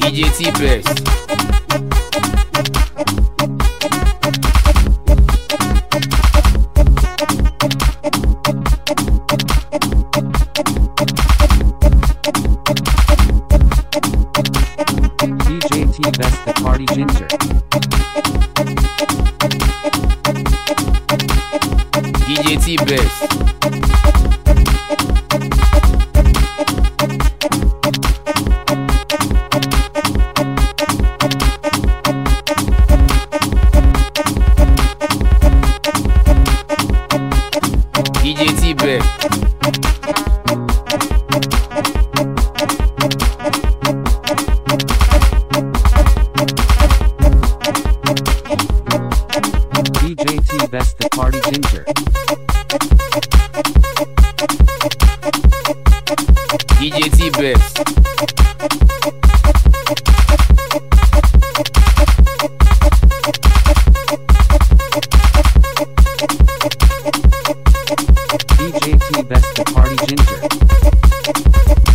DJT the Party Ginger. best bit. DJT Best the Party Ginger. DJT Best. JT Best the Party Ginger.